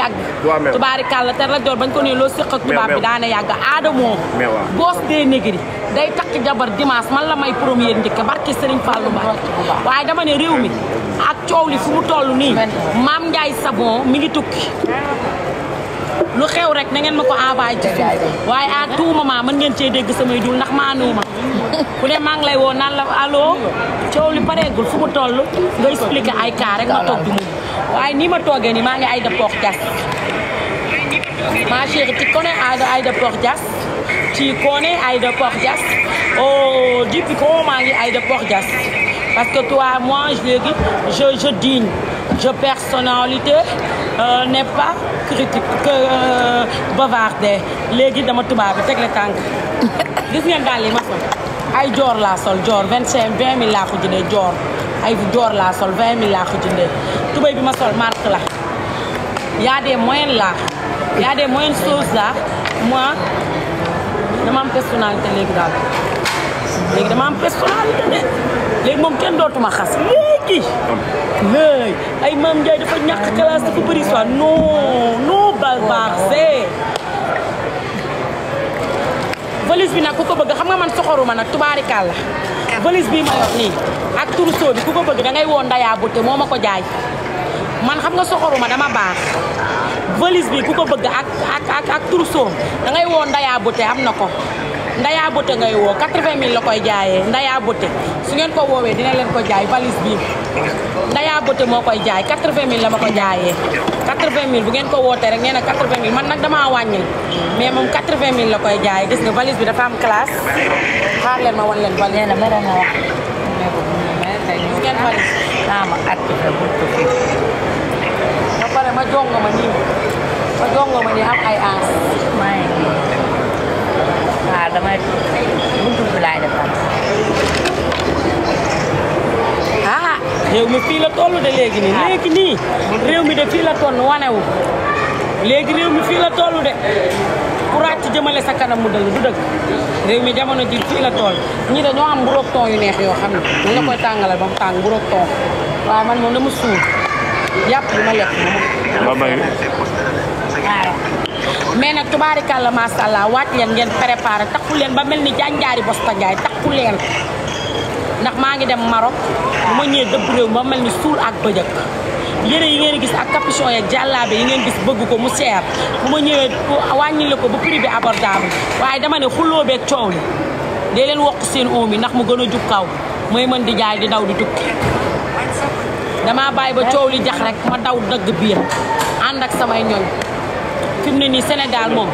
yàgg tubaarikàlla te Lat Joor bañ ko ne loo séq ak tubaab bi daana yàgg aada moom boos dee négri day takk jabar dimanche man la may première njëkk barki Serigne Fallou Mbacké waaye dama ne réew mi ak coow li fu mu toll nii Mame Ndiaye Savon mi ngi tukki lu xew rek na ngeen ma ko envoyé ci suuf waaye à tout moment mën ngeen cee dégg samay jul ndax maanoo ma ku ne maa ngi lay woo naan la allo coow li pareegul fu mu toll nga expliqué ay cas rek ma toog di waaye nii ma toogee nii maa ngi Aïda Port Dias ma chérie tu connais Aïda Port Dias tu connais Aïda Port Dias oh maa ngi Aïda Port Dias parce que toi moi léegi je je digne je Euh, n'est pas critique que euh, bavardé léegi dama tubaab bi teg la tànk gis ngeen daal yi ma sol ay joor laa sol joor vingt cinq vingt mille laa ko jëndee joor ay joor laa sol vingt mille laa ko jëndee tubéy bi ma sol marque la y a des moyens là y a des moyens moi dama am personnalité léegi daal léegi dama am personnalité léegi moom kenn dootuma xas léegi. léegi ay maam Ndiaye dafa ñàkk classe dafa bëri soit non non barbaaxee. valise bi nag ku ko bëgg xam nga man soxoruma nag tubaarikaal la. valise bii ma yor nii ak trousseau bi ku ko bëgg da ngay woo Ndaya Beauté moo ma ko jaay. man xam nga soxoruma dama baax valise bi ku ko bëgg ak ak ak ak trousseau da ngay woo Ndaya Beauté am na ko. Ndaya Beauté ngay woo 80 000 la koy jaaye Ndaya Beauté su ngeen ko woowee dina leen ko jaay valise bi Ndaya Beauté moo koy jaay 80 000 la ma ko jaayee 80 000 bu ngeen ko wootee rek nee na 80 000 man nag damaa wàññil mais moom 80 000 la koy jaayee gis nga valise bi dafa am classe xaar leen ma wan leen valise. naa ah, ma at bi ba pare ma jongo ma nii ma jongo nii am ay ans. waaw damay buntu bi laay defal. ah. réew mi fii la toll de léegi nii. Ah. léegi nii réew mi de fii la toll wane wu. léegi réew mi fii la toll de ku ràcc jëmale sa kanam mu dëng du dëgg réew mi jamono ji fii la toll ñi dañoo am mburoog yu neex yoo xam ne. ñu la koy tàngalal ba mu tàng mburoog ton waaw man moom dama suur. yàpp bi ma lekk moom. ba mais nag tubaarikàlla macha allah waaj leen ngeen préparé takku leen ba mel ni jànjaari bosta njaay takku leen ndax maa ngi dem maro bu ma ñëwee dëbb réew ba mel ni suul ak bëjëk yére yi ngeen gis ak capuchon ya jàllaabe yi ngeen gis bëgg ko mu seer bu ma ñëwee wàññile ko bu prix bi abordable waaye dama ne xulloo beeg coow li dee leen wokk seen oom ndax mu gën a jug kaw mooy mën di jaay di daw di tukki damaa bàyyi ba coow li jax rek ma daw dëgg biir ànd ak samay ñoñ fi ne nii senegal moom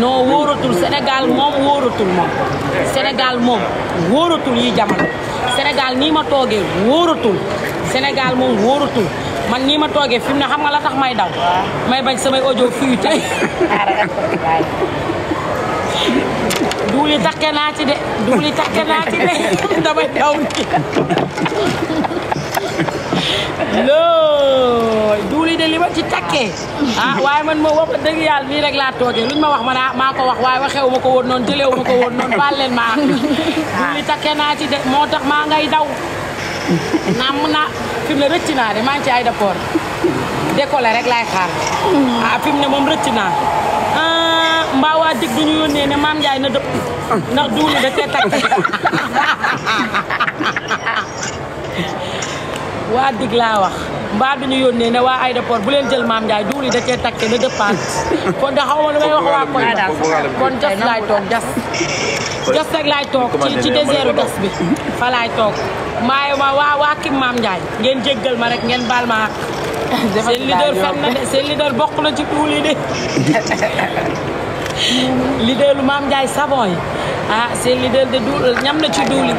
noo wóoratul Sénégal moom wóoratul moom Sénégal moom wóoratul yi jamono senegal nii ma toogee wóoratul senegal moom wóoratul man nii ma toogee fi mu ne xam nga la tax may daw may bañ samay audio fii tey duuli takke naa ci de duuli takke naa ci de damay daw nii takkee ah waaye man moom wax dëgg yàlla nii rek laa toogee luñ ma wax ma naa maa wax waaye waxewu ma ko woon noonu jëlewu ma ko woon noonu baal leen maa takkee naa ci de moo tax maa ngay daw naam mun naa ne rëcc naa de maa ngi ci aéroport décollé rek laay xaar ah fi mu ne moom rëcc naa ah, mbaa waa dig du ñu yónnee ne maam Ndiaye na dëpp ndax duulu da cee takk waa dig laa wax mbaa bi ñu yónnee na waa aéroport bu leen jël maam Ndiaye duul yi da cee takke le départ kon da xaw ma lu may wax waa koñ daal kon jas laay toog jas jas rek laay toog ci ci désertu jas bi fa laay toog maayo ma waa waa maam Ndiaye ngeen jéggal ma rek ngeen baal ma seen leader fen na de seen leader bokk na ci duul yi de lu maam Ndiaye savon yi ah seen leader de duul ñam na ci duul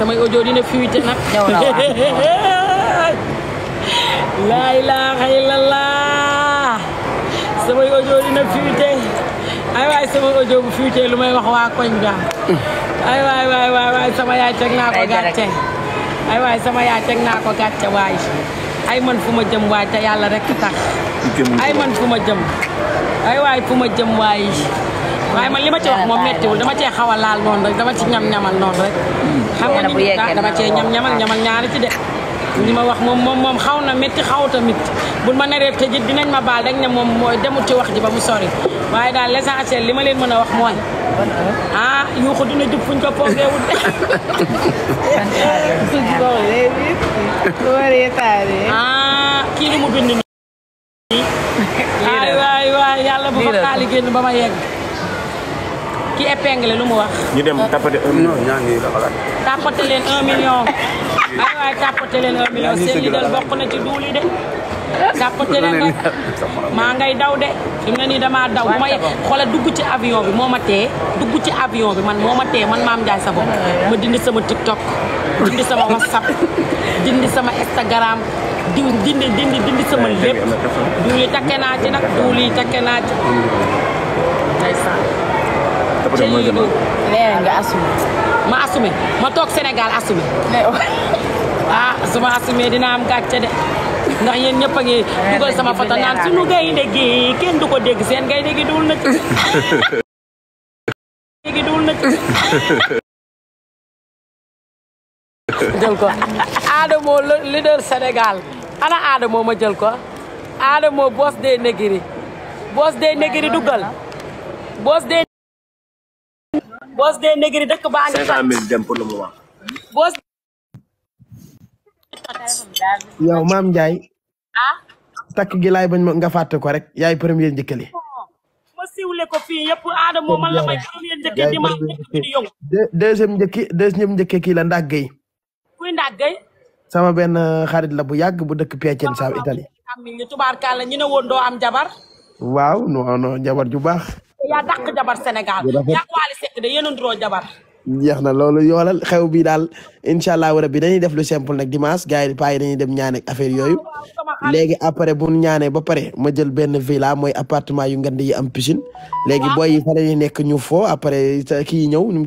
samay audio dina fuité nag. laa ilaaha illallah samay audio dina fuité ay waay sama audio bu fuité lu may wax waa koñ ga. ay waay waay waay sama yaay teg ko gàcce. waay ay man fu ma jëm waay te yàlla rek tax. ay man fu ma jëm. ay waay fu ma jëm waay. waaye man li ma ci wax moom méttiwul dama cee xaw a laal noonu rek dama ci ñam ñamal noonu rek. xam nga ni dama cee ñam ñamal ñamal ñaari ci de. li ma wax moom moom moom xaw na métti xawut a bu ma ma naree tëjit dinañ ma baal dañ ne moom mooy demut ci wax ji ba mu sori waaye daal l'essentiel li ma leen mën a wax mooy. ah yuuxu dina jub fuñ ko poogee wut de. ah kii li mu bind nii. waay waay waay yàlla bu ma xaali génn ba ma yegg. ki épinglé lu mu wax. ñu dem un million ñaa ngi xalaat. tapoté leen un million. seen dal bokk na ci duul de. tapoté leen maa ngay daw de. fi mu ne daw bu ma dugg ci avion bi moo ma tee dugg ci avion bi man moo ma tee man maam Ndiaye sa ma dindi sama TikTok dindi sama WhatsApp dindi sama Instagram dindi sama lépp duul yi takke nag duul yi takke après mooy gën a. nee nga ma assumé ma toog Sénégal assumé. ah su ma dina am gàcce de ndax yéen ñëpp ngi dugal sama foto naan sunu gaynde gi kenn du ko dégg seen gaynde gi duwul na na jël ko Adamo leader Sénégal ana Adamo ma jël ko Adamo boss négri boss négri dugal boss boos de négri dëkk baa ngi. 50 000 dem pour le moment. boos. yow maam Ndiaye. ah. takk gi bañ ma nga fàtte ko rek yaay premier njëkkale. ma siwle ko fii yëpp Adama man la may sama benn xarit la bu yàgg bu dëkk Piacenza Italie. am nañu tubaarkaale ñu ne woon am jabar. waaw non jabar ju baax. yaa dàq jabar Sénégal yaa Wally jabar jeex na loolu yoolal xew bi daal incha allah rabbi dañuy def lu simple nag dimanche gars yi dañuy dem ñaan ak yooyu ah, léegi après bu ñaanee ba pare ma jël benn villa mooy appartement yu ngand yi am piscine léegi booy nekk ñu foo après kii ñëw nu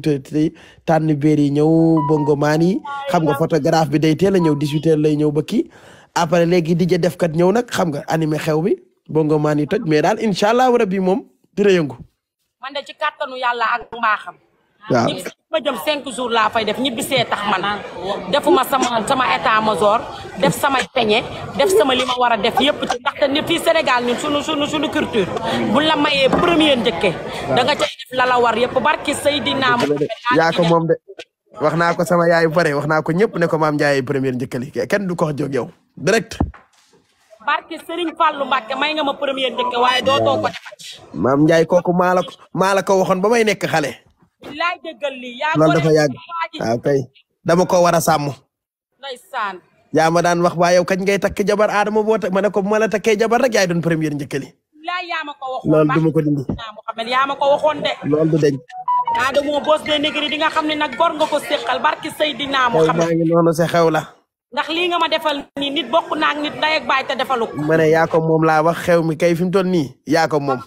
tànn béer yi ñëw bongomaan yi ah, xam nga photographe bi day teel a ñëw 18 lay ñëw ba kii après léegi DJ def kat ñëw nag xam nga animé xew bi bongomaan yi toj mais daal incha allah rabbi moom dina yëngu. man de ci kàttanu yàlla ak mbaaxam. cinq jours laa fay def ñibbisee tax man defuma sama état major def sama peñe def sama li ma war def yëpp ndaxte ni fii Sénégal ñun sunu culture bu la premier njëkke da nga cay war yëpp barki Seydina moom de wax naa ko sama yaay bare wax naa ko ñëpp ne ko maam Ndiaye premier njëkkali kenn du ko wax jóg direct barki Serigne Fallou Mbacke may nga premier njëkke waaye dootoo ko maam njaay kooku maa la ko maa la ko waxoon ba may nekk xale. loolu dafa yàgg waaw ah, kay dama ko war a sàmm. yaa ma daan wax waa yow kañ ngay takk jabar Adama boo ma ne ko bu ma la takkee jabar rek yaay doon première njëkkali. loolu du ma ko Adama boos de négri nga xam ne nag gor nga ko séqal barki Seydina Muhammad. maa ngi noonu sa xew la. ndax lii nga ma defal nii nit bokk naa nit ndey ak baay te defalu ko. ma ne yaa moom laa wax xew mi kay fi mu toll nii yaa moom.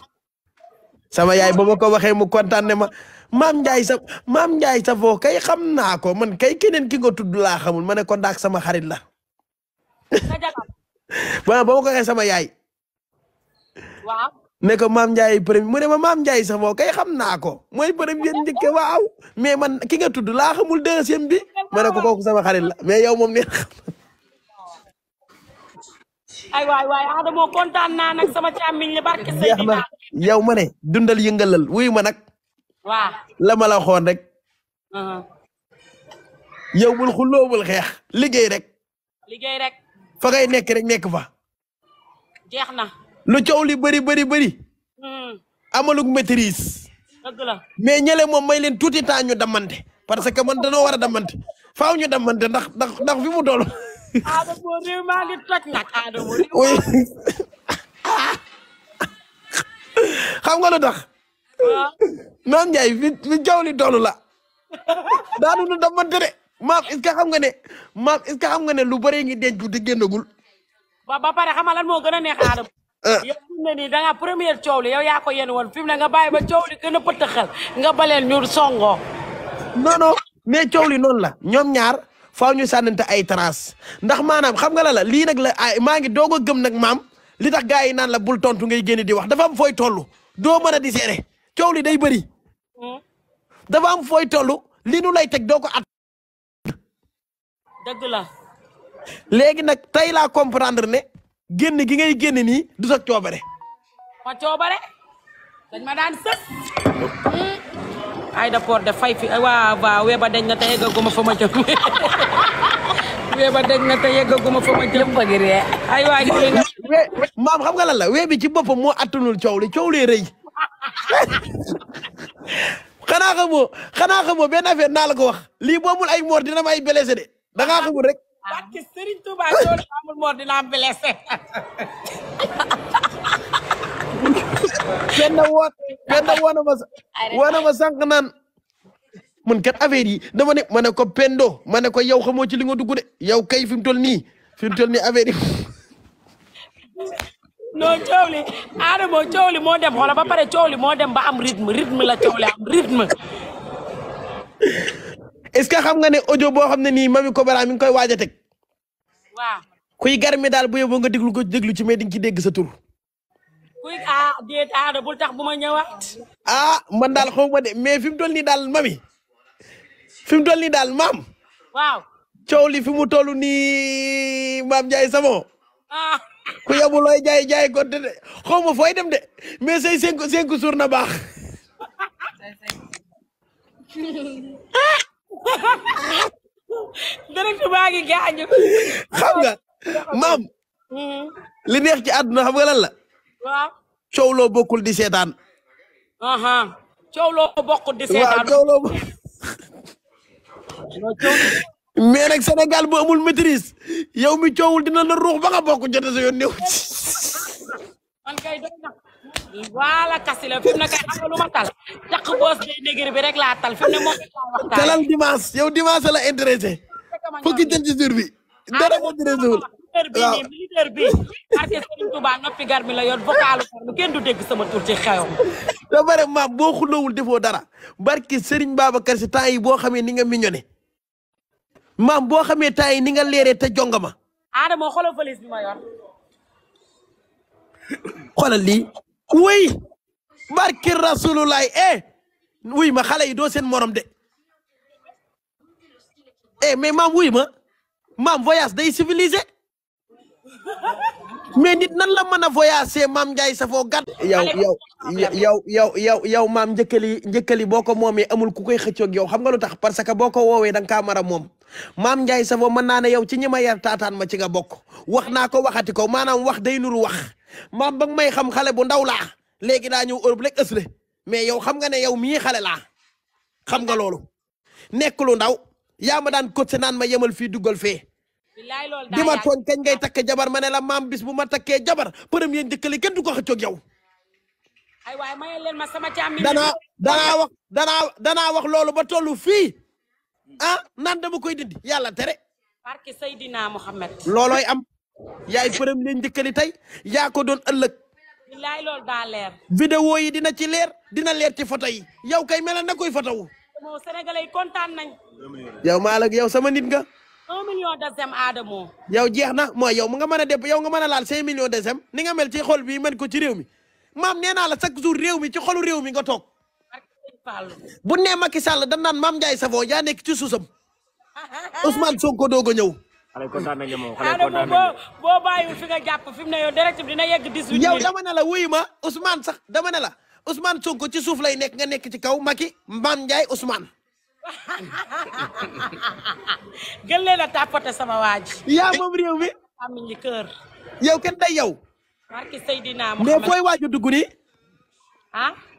sama yaay ba ma ko waxee mu kontaan ma maam Ndiaye sa maam Ndiaye sa foo kay xam naa ko man kay keneen ki o tudd laa xamul ma ne ko ndaak sama xarit la. ba ma ko waxee sama yaay. waaw ne ko maam Ndiaye premier mu ne ma maam Ndiaye sa foo kay xam naa ko mooy premier njëkk waaw mais man ki nga tudd laa xamul deuxième bi ma ko kooku sama xarit la mais yow moom neen xam. kontaan naa nag sama càmmiñ yow ma ne dundal yëngalal wuyu ma nag. waaw la ma la xoon rek. Uh-huh. yow bul xulloo bul xeex liggéey rek. liggéey rek. fa ngay nekk rek nekk fa. jeex na. lu coow li bëri bëri bëri. Hmm. amaluk maîtrise. dëgg la mais ñële moom may leen tuuti temps ñu damante parce que man danoo war a damante faaw ñu damante ndax ndax ndax fi mu xam nga lu tax. waaw maam Ndiaye fi fi jaww li toll la daanu dama tere maam est-ce nga ne maam est-ce xam nga ne lu bëree ngi denc te génnagul. ba ba pare xam nga moo gën a neex aadama. na ah. fi mu ne nii da première coow li yow yaa ko yéen woon fi mu ne nga bàyyi ba coow li gën a pëtëxal nga baleel ñu songoo. non non mais coow li noonu la ñoom ñaar faaw ñu sànnante ay traces ndax maanaam xam nga la la lii nag la ay maa ngi doog a gëm nag maam li dax gars yi naan la bul tontu ngay génn di wax dafa am fooy toll. doo mën a di seere coow li day bëri hmm. dafa am fooy toll li nu lay teg doo ko at léegi nag tey laa comprendre ne génn gi ngay génn nii du sa coobare ma coobare dañ ma daan sës hmm. da fay fi waa waa dañ na tey eggaguma wee ba dégg na te yeggaguma fa ma jëm bëgg ree ay maam xam nga lan la wee bi ci boppam moo attanul coow li coow lee xanaa xamoo xanaa xamoo benn affaire naa la ko wax lii ay moor ma ay blessé de da ngaa rek barke Serigne ma woon ma man kat affaire yi dama ne ma ne ko Pendo ma ne ko yow xamoo ci li nga dugg de yow kay fi mu toll nii fi mu toll nii affaire yi. non moo dem xoola ba pare coow li moo dem ba am rythme rythme la coow li am rythme. est-ce que xam nga ne audio boo xam ne nii mami Kobra mi ngi koy waaj a teg. waaw kuy garmi daal bu yóbboo nga déglu ko déglu ci mais di ci dégg sa tur. kuy ah tax bu ma ñëwaat. ah man daal xaw de mais fi mu toll nii daal mami. fi mu toll nii daal maam. waaw coow li fi mu toll nii maam Ndiaye Savon. Ah. ku yabu looy jaay jaay ko de xaw ma fooy dem de mais say cinq cinq jours na baax. direct baa ngi gaañu. xam nga maam. Mm-hmm. li neex ci àdduna xam nga lan la. coow loo bokkul di seetaan. coow loo bokkul di seetaan. mais nag Sénégal bu amul maîtrise yow mi coowul dina la ruux ba nga bokk jote sa yoon néew ci. man kay na wala kasi la fi tal bi rek laa talal dimanche yow dimanche la intéressé fukki jël ci jour bi dara moo ah, wul waaw la yoon bare maam boo xulawul defoo dara barki Serigne Babacar si temps yi boo xamee ni nga mignonné maam boo xamee temps yi ni nga leeree te jongama. xolo xoolal valise bi ma yor. xoolal lii. wuy barki rasulullaay eh wuy ma xale yi doo seen morom de eh mais maam wuy ma maam voyage day civilisé mais nit nan la mën a voyager maam Ndiaye safoo gàtt. yow yow yow yow yow yow maam njëkkali njëkkali boo ko moomee amul ku koy xëccoog yow xam nga lu tax parce que boo ko woowee da nga kaa mara moom. maam Ndiaye Savon mën naa ne yow ci ñi ma yar taataan ma ci nga bokk wax naa ko waxati ko maanaam wax day nuru wax maam ba may xam xale bu ndaw laa léegi daa ñëw Europe rek ësle mais yow xam nga ne yow mii xale laa xam nga loolu nekk ndaw yaa ma daan cote naan ma yemal fii duggal fee. di ma tooñ kañ ngay takk jabar ma ne la maam bis bu ma takkee jabar premier njëkkali kenn du ko xëccoog yow. danaa danaa wax danaa danaa wax loolu ba tollu fii. ah naan dama koy dindi yàlla tere. barke Seydina Mohamed. loolooy am. yaay përëm leen njëkkali tey yaa ko doon ëllëg. bilaay loolu daa leer. vidéo yi dina ci leer dina leer ci photo yi yaw kay mel na koy photo wu. moom sénégalais yi kontaan nañ. yow Malick yow sama nit nga. un million deuxième Adamo. yaw jeex na moo yaw mu nga mën a def yow nga mën a laal cinq millions deuxième ni nga mel ci xol bi mën ko ci réew mi maam nee naa la chaque jour réew mi ci xolu réew mi nga toog. bu nee Macky Sall dañ naan Mame Ndiaye Savon yaa nekk ci suusam Ousmane Sonko doog a ñëw. xale kontaan nañ la moom xale kontaan nañ la boo boo bàyyiwul fi nga jàpp fi mu ne yow direct bi dina yegg 18. yow dama ne la wuyu ma Ousmane sax dama ne la Ousmane Sonko ci suuf lay nekk nga nekk ci kaw Macky Mame Ndiaye Ousmane. gën leen a tapoter sama waa ji. yaa moom réew mi. am nañu yow kenn day yow. barki Seydina Muhammad mais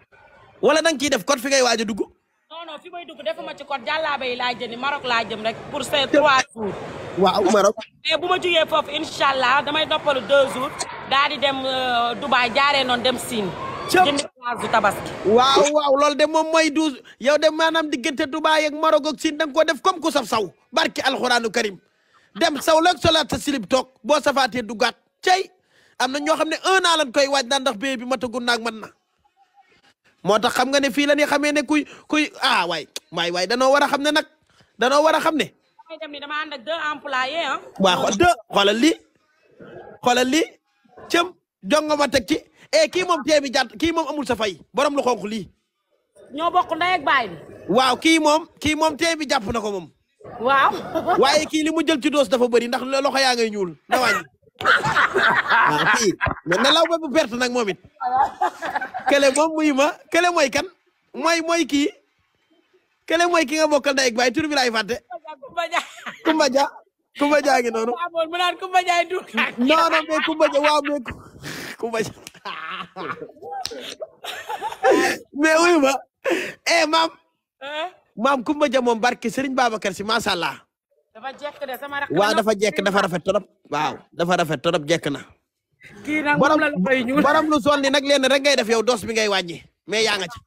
wala da nga ciy def code fi ngay waaj a dugg. non non fi may dugg defuma ci code jàllaaba yi laa jëndi Maroc laa jëm rek pour ces trois jours. waaw Maroc. mais bu ma jugee foofu incha allah damay noppalu deux daal di dem euh, Dubaay jaaree noonu dem Sine. jënd du tabaski. waaw waaw loolu de moom mooy douze yow de maanaam diggante Dubaay ak Maroc ak Sine da nga koo def comme ku saf saw barki alxuraanu karim dem saw la solaat sa silib toog boo safaatee duggaat cey am na ñoo xam ne un an lañ koy waaj daan ndax bee bi matagul naag mën na. moo tax xam nga ne fii la xamee ne kuy kuy ah waay waay waay danoo war a xam ne nag danoo war a xam ne. damay dem dama ànd ak deux employés ah. waaw xool deux xoolal lii xoolal lii cëm jongo ci e kii moom tee bi jàtt kii moom amul sa fay borom lu xonq lii. ñoo bokk ndey ak baay waaw kii moom kii moom tee bi jàpp na ko moom. waaw. waaye kii li mu jël ci doos dafa bari ndax loxo yaa ngay ñuul na wàññi. waaw fii mais ba bu perte nag moom kele moom muy ma kele mooy kan mooy kele mooy ki nga bokkal day ak tur bi laay fàtte. Kumba Dia Kumba Dia ngi noonu. mu naan Kumba Dia du non non mais Kumba Dia waaw mais Kumba Dia mais wuyu ma eh maam. maam Kumba Dia moom barke Serigne dafa jekk waaw dafa jekk dafa rafet trop waaw dafa rafet trop jekk na. kii nag moom la la koy ñuul borom lu sonni nag leen rek ngay def yow doos bi ngay wàññi mais yaa nga ci.